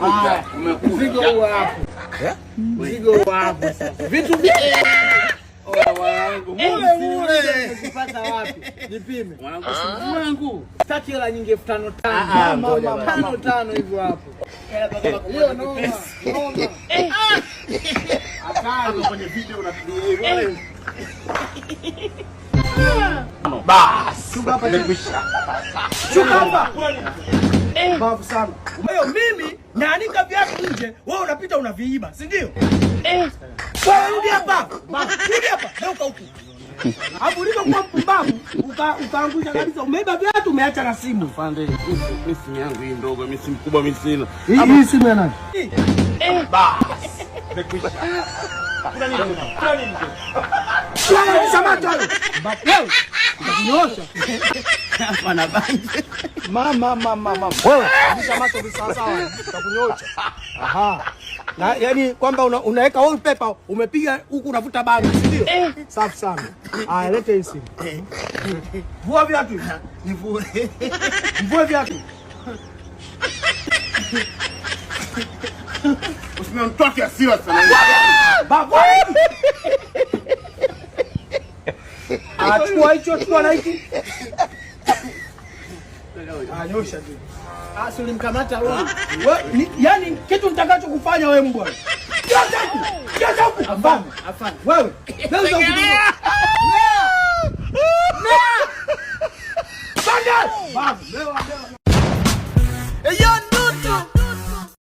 umekuja, umekuja mzigo wapo eh? sasa, vitu kupata wapi? Nipime mwanangu, sitaki hela nyingi, elfu tano tano ah, ah, tano hivyo hapo eh. basi. Mbavu eh. sana. Kwa hiyo mimi naanika viatu nje, wewe unapita unaviiba, si ndio? Eh, wewe rudi hapa, rudi hapa leo kauki hapo ulivyokuwa mpumbavu ukaangusha kabisa, umeiba viatu, umeacha na simu. Afande, mimi simu yangu hii ndogo, mimi simu kubwa mimi sina. Hii simu ya nani? Eh, basi. Kuna nini? Kuna nini? Na kwamba unaweka wallpaper umepiga huku unavuta bangi, si Safi sana. Haya, lete hii simu. Vua viatu. Nivue. Vua viatu. Usimtoke asira sana. Babu. Achukua hicho, achukua na hiki. Anyosha tu. Asi ulimkamata wewe. Yaani kitu nitakacho kufanya wewe mbwa. Wewe. Wewe. Wewe.